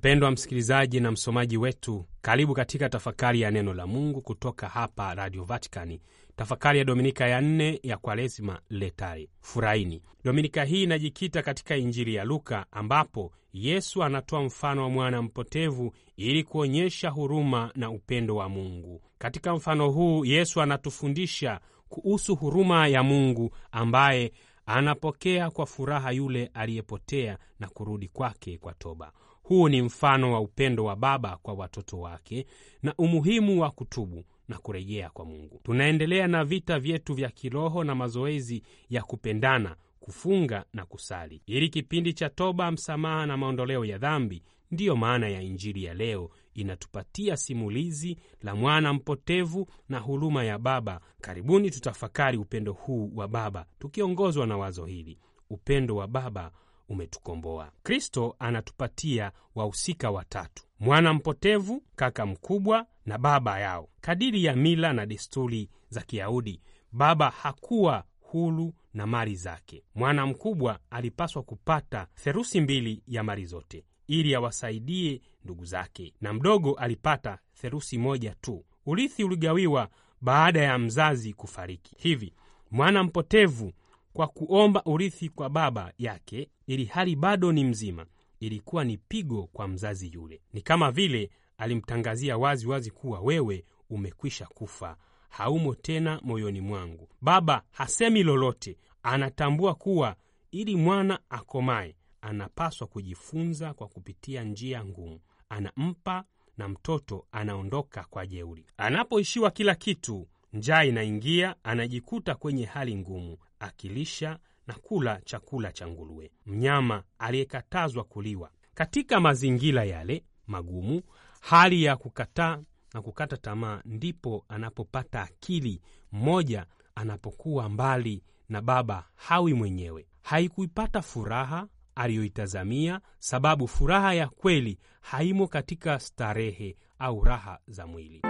Mpendwa msikilizaji na msomaji wetu, karibu katika tafakari ya neno la Mungu kutoka hapa Radio vaticani tafakari ya dominika ya nne ya Kwaresima, Letare Furaini. Dominika hii inajikita katika Injili ya Luka ambapo Yesu anatoa mfano wa mwana mpotevu ili kuonyesha huruma na upendo wa Mungu. Katika mfano huu Yesu anatufundisha kuhusu huruma ya Mungu ambaye anapokea kwa furaha yule aliyepotea na kurudi kwake kwa toba. Huu ni mfano wa upendo wa baba kwa watoto wake na umuhimu wa kutubu na kurejea kwa Mungu. Tunaendelea na vita vyetu vya kiroho na mazoezi ya kupendana, kufunga na kusali, ili kipindi cha toba, msamaha na maondoleo ya dhambi. Ndiyo maana ya Injili ya leo inatupatia simulizi la mwana mpotevu na huruma ya baba. Karibuni tutafakari upendo huu wa baba tukiongozwa na wazo hili: upendo wa baba umetukomboa. Kristo anatupatia wahusika watatu: mwana mpotevu, kaka mkubwa na baba yao. Kadiri ya mila na desturi za Kiyahudi, baba hakuwa huru na mali zake. Mwana mkubwa alipaswa kupata therusi mbili ya mali zote ili awasaidie ndugu zake, na mdogo alipata therusi moja tu. Urithi uligawiwa baada ya mzazi kufariki. Hivi mwana mpotevu kwa kuomba urithi kwa baba yake ili hali bado ni mzima, ilikuwa ni pigo kwa mzazi yule. Ni kama vile alimtangazia wazi wazi kuwa wewe umekwisha kufa, haumo tena moyoni mwangu. Baba hasemi lolote, anatambua kuwa ili mwana akomae anapaswa kujifunza kwa kupitia njia ngumu. Anampa na mtoto anaondoka kwa jeuri. Anapoishiwa kila kitu, njaa inaingia, anajikuta kwenye hali ngumu akilisha na kula chakula cha nguruwe, mnyama aliyekatazwa kuliwa. Katika mazingira yale magumu, hali ya kukataa na kukata tamaa, ndipo anapopata akili mmoja anapokuwa mbali na baba hawi mwenyewe. Haikuipata furaha aliyoitazamia, sababu furaha ya kweli haimo katika starehe au raha za mwili.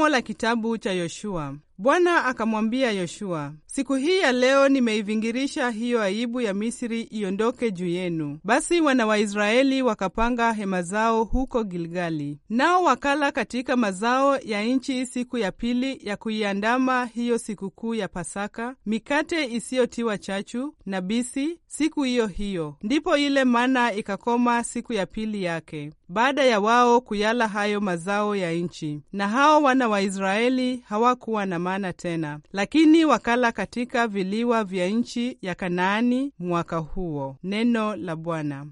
Somo la kitabu cha Yoshua Bwana akamwambia Yoshua, siku hii ya leo nimeivingirisha hiyo aibu ya Misri iondoke juu yenu. Basi wana wa Israeli wakapanga hema zao huko Gilgali, nao wakala katika mazao ya nchi siku ya pili ya kuiandama hiyo sikukuu ya Pasaka, mikate isiyotiwa chachu na bisi siku hiyo hiyo. Ndipo ile mana ikakoma siku ya pili yake, baada ya wao kuyala hayo mazao ya nchi. Na hao wana wa Israeli hawakuwa na maana tena, lakini wakala katika viliwa vya nchi ya Kanaani mwaka huo. Neno la Bwana.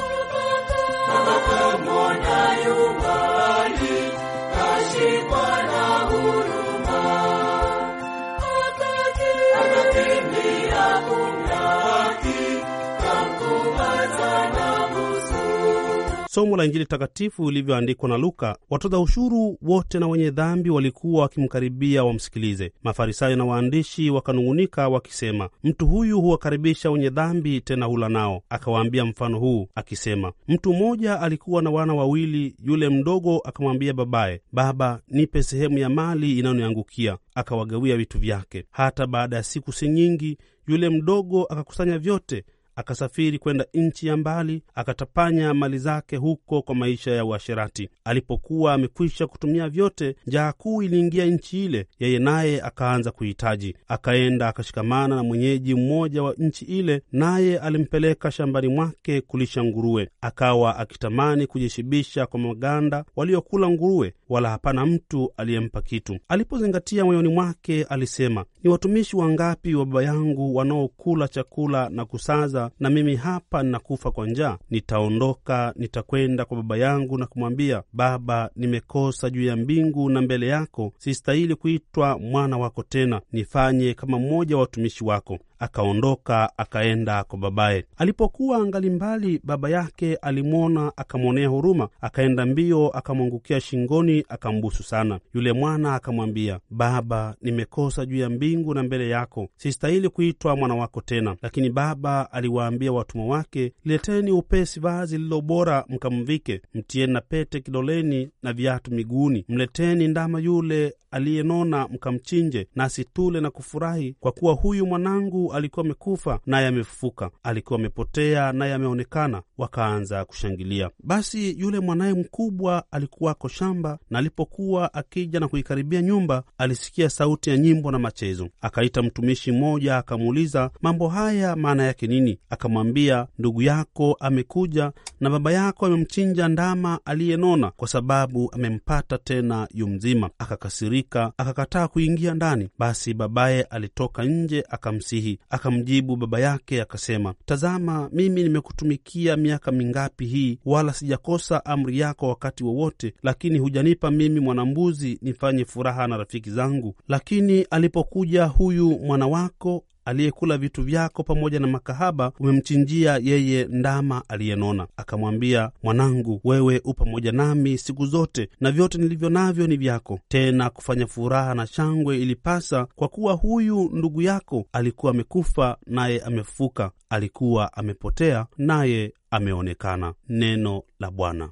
Somo la Injili takatifu ilivyoandikwa na Luka. Watoza ushuru wote na wenye dhambi walikuwa wakimkaribia wamsikilize. Mafarisayo na waandishi wakanung'unika wakisema, mtu huyu huwakaribisha wenye dhambi, tena hula nao. Akawaambia mfano huu akisema, mtu mmoja alikuwa na wana wawili. Yule mdogo akamwambia babaye, Baba, nipe sehemu ya mali inayoniangukia. Akawagawia vitu vyake. Hata baada ya siku si nyingi, yule mdogo akakusanya vyote akasafiri kwenda nchi ya mbali, akatapanya mali zake huko kwa maisha ya uasherati. Alipokuwa amekwisha kutumia vyote, njaa kuu iliingia nchi ile, yeye naye akaanza kuhitaji. Akaenda akashikamana na mwenyeji mmoja wa nchi ile, naye alimpeleka shambani mwake kulisha nguruwe. Akawa akitamani kujishibisha kwa maganda waliokula nguruwe, wala hapana mtu aliyempa kitu. Alipozingatia moyoni mwake, alisema, ni watumishi wangapi wa baba yangu wanaokula chakula na kusaza na mimi hapa ninakufa kwa njaa, nitaondoka, nitakwenda kwa baba yangu na kumwambia, Baba, nimekosa juu ya mbingu na mbele yako, sistahili kuitwa mwana wako tena, nifanye kama mmoja wa watumishi wako akaondoka akaenda kwa babaye. Alipokuwa angali mbali, baba yake alimwona, akamwonea huruma, akaenda mbio, akamwangukia shingoni, akambusu sana. Yule mwana akamwambia, Baba, nimekosa juu ya mbingu na mbele yako, sistahili kuitwa mwana wako tena. Lakini baba aliwaambia watumwa wake, leteni upesi vazi lililo bora, mkamvike, mtieni na pete kidoleni na viatu miguuni, mleteni ndama yule aliyenona, mkamchinje, nasi tule na kufurahi, kwa kuwa huyu mwanangu alikuwa amekufa naye amefufuka, alikuwa amepotea naye ameonekana. Wakaanza kushangilia. Basi yule mwanaye mkubwa alikuwako shamba, na alipokuwa akija na kuikaribia nyumba, alisikia sauti ya nyimbo na machezo. Akaita mtumishi mmoja, akamuuliza mambo haya maana yake nini? Akamwambia, ndugu yako amekuja na baba yako amemchinja ndama aliyenona, kwa sababu amempata tena yu mzima. Akakasirika, akakataa kuingia ndani. Basi babaye alitoka nje akamsihi, akamjibu baba yake akasema, tazama, mimi nimekutumikia miaka mingapi hii, wala sijakosa amri yako wakati wowote, lakini hujanipa mimi mwanambuzi nifanye furaha na rafiki zangu. Lakini alipokuja huyu mwana wako aliyekula vitu vyako pamoja na makahaba, umemchinjia yeye ndama aliyenona. Akamwambia, mwanangu, wewe u pamoja nami siku zote, na vyote nilivyo navyo ni vyako. Tena kufanya furaha na shangwe ilipasa, kwa kuwa huyu ndugu yako alikuwa amekufa, naye amefufuka; alikuwa amepotea, naye ameonekana. Neno la Bwana.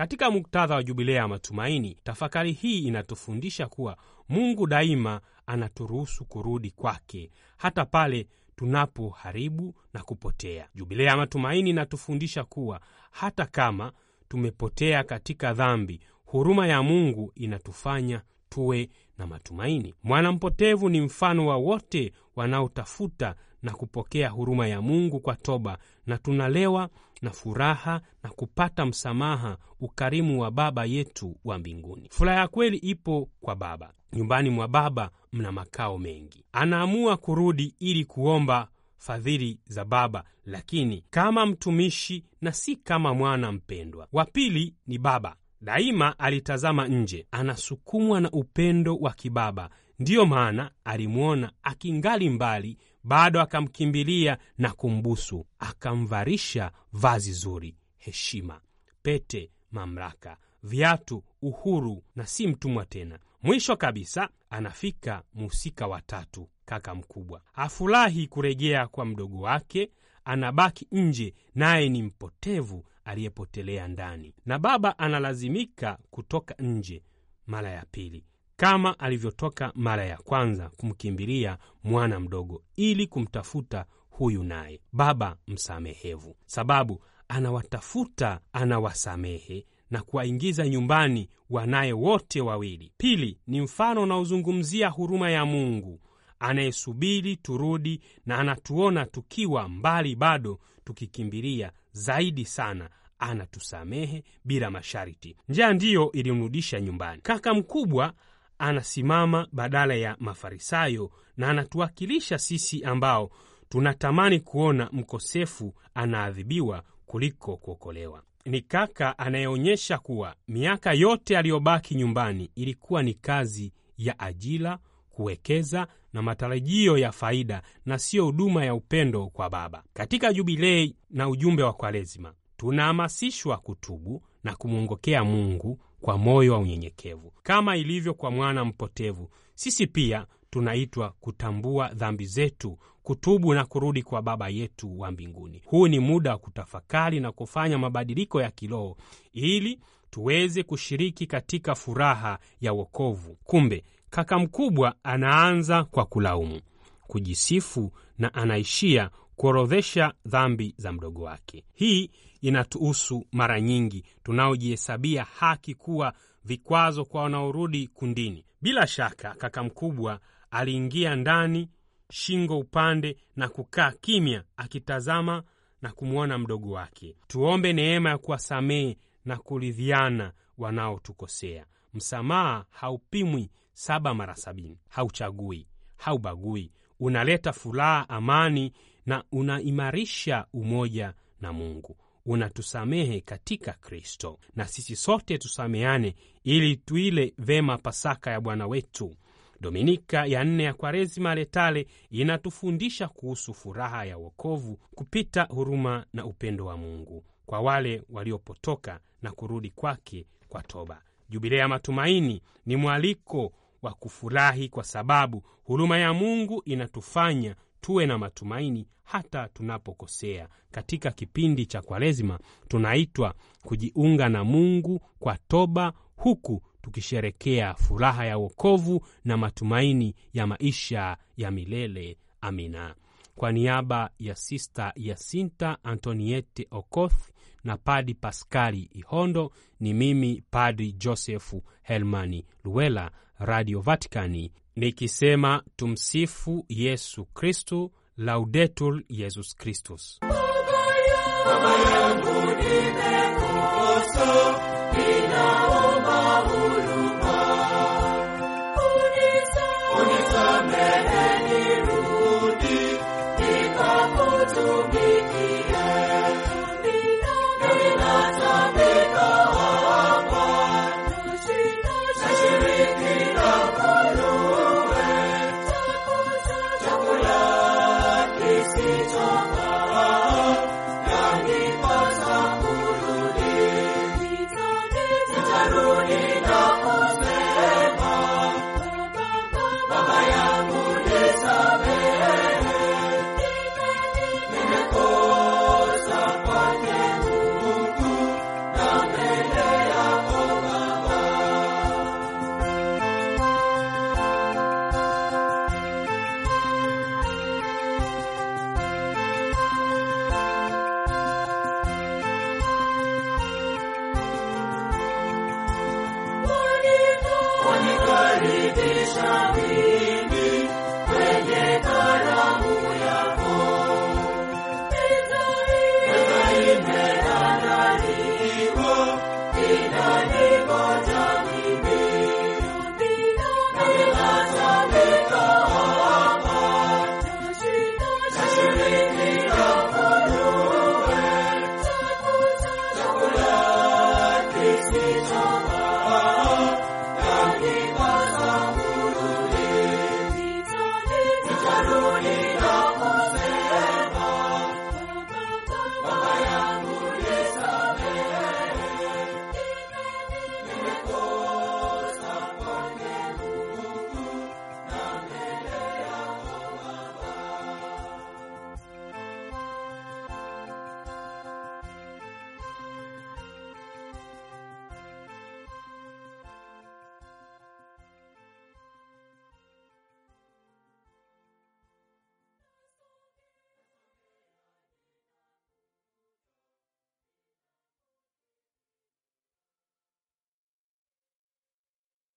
Katika muktadha wa Jubilea ya Matumaini, tafakari hii inatufundisha kuwa Mungu daima anaturuhusu kurudi kwake hata pale tunapoharibu na kupotea. Jubilea ya Matumaini inatufundisha kuwa hata kama tumepotea katika dhambi, huruma ya Mungu inatufanya tuwe na matumaini. Mwana mpotevu ni mfano wa wote wanaotafuta na kupokea huruma ya Mungu kwa toba na tunalewa na furaha na kupata msamaha, ukarimu wa Baba yetu wa mbinguni. Furaha ya kweli ipo kwa Baba. Nyumbani mwa Baba mna makao mengi. Anaamua kurudi ili kuomba fadhili za Baba, lakini kama mtumishi na si kama mwana mpendwa. Wa pili ni Baba. Daima alitazama nje, anasukumwa na upendo wa kibaba. Ndiyo maana alimwona akingali mbali bado akamkimbilia na kumbusu, akamvarisha vazi zuri, heshima, pete, mamlaka, viatu, uhuru na si mtumwa tena. Mwisho kabisa anafika mhusika wa tatu, kaka mkubwa. Afurahi kurejea kwa mdogo wake, anabaki nje, naye ni mpotevu aliyepotelea ndani, na baba analazimika kutoka nje mara ya pili kama alivyotoka mara ya kwanza kumkimbilia mwana mdogo ili kumtafuta huyu naye baba msamehevu, sababu anawatafuta anawasamehe na kuwaingiza nyumbani wanaye wote wawili. Pili ni mfano unaozungumzia huruma ya Mungu anayesubiri turudi na anatuona tukiwa mbali bado tukikimbilia zaidi sana anatusamehe bila masharti. Njaa ndiyo ilimrudisha nyumbani. Kaka mkubwa anasimama badala ya Mafarisayo na anatuwakilisha sisi ambao tunatamani kuona mkosefu anaadhibiwa kuliko kuokolewa. Ni kaka anayeonyesha kuwa miaka yote aliyobaki nyumbani ilikuwa ni kazi ya ajira, kuwekeza na matarajio ya faida na siyo huduma ya upendo kwa Baba. Katika Jubilei na ujumbe wa Kwaresima tunahamasishwa kutubu na kumwongokea Mungu kwa moyo wa unyenyekevu. Kama ilivyo kwa mwana mpotevu, sisi pia tunaitwa kutambua dhambi zetu, kutubu na kurudi kwa Baba yetu wa mbinguni. Huu ni muda wa kutafakari na kufanya mabadiliko ya kiroho ili tuweze kushiriki katika furaha ya wokovu. Kumbe kaka mkubwa anaanza kwa kulaumu, kujisifu na anaishia kuorodhesha dhambi za mdogo wake. Hii inatuhusu mara nyingi, tunaojihesabia haki kuwa vikwazo kwa wanaorudi kundini. Bila shaka kaka mkubwa aliingia ndani shingo upande na kukaa kimya akitazama na kumwona mdogo wake. Tuombe neema ya kuwasamehe na kuridhiana wanaotukosea. Msamaha haupimwi saba mara sabini, hauchagui, haubagui, unaleta furaha, amani na unaimarisha umoja na Mungu. Unatusamehe katika Kristo, na sisi sote tusameane, ili tuile vema Pasaka ya Bwana wetu. Dominika ya nne ya Kwaresima Letale inatufundisha kuhusu furaha ya wokovu kupita huruma na upendo wa Mungu kwa wale waliopotoka na kurudi kwake kwa toba. Jubilea ya matumaini ni mwaliko wa kufurahi kwa sababu huruma ya Mungu inatufanya tuwe na matumaini hata tunapokosea. Katika kipindi cha Kwaresima tunaitwa kujiunga na Mungu kwa toba, huku tukisherekea furaha ya wokovu na matumaini ya maisha ya milele. Amina. Kwa niaba ya Sista Yasinta Antoniete Okoth na Padi paskali Ihondo, ni mimi Padri Josefu Helmani luela Radio Vaticani nikisema tumsifu Yesu Kristu, laudetur Yesus Kristus. Baba yangu nimekosa be.